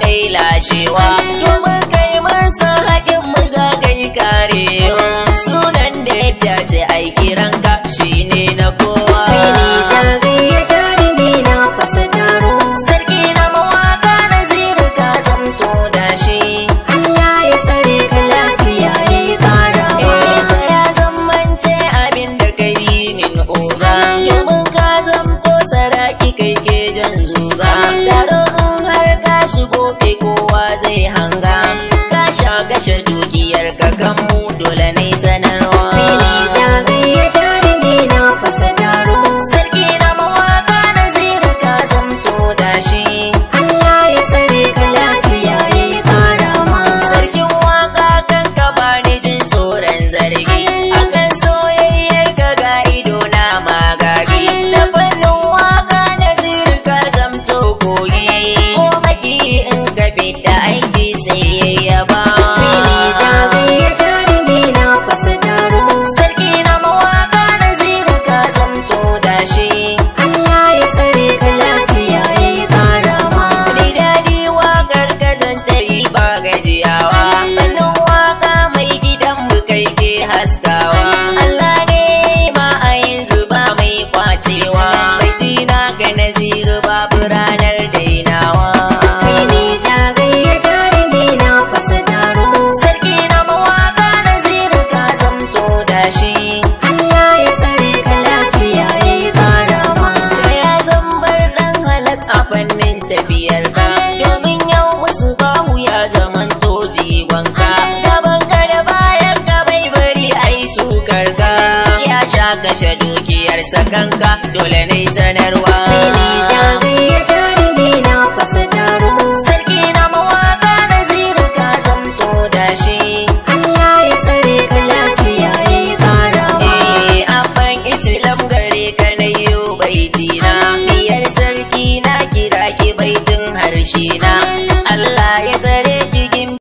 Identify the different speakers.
Speaker 1: kai lashewa domin yeah. ɗanka dole ne sanarwa. Ni ja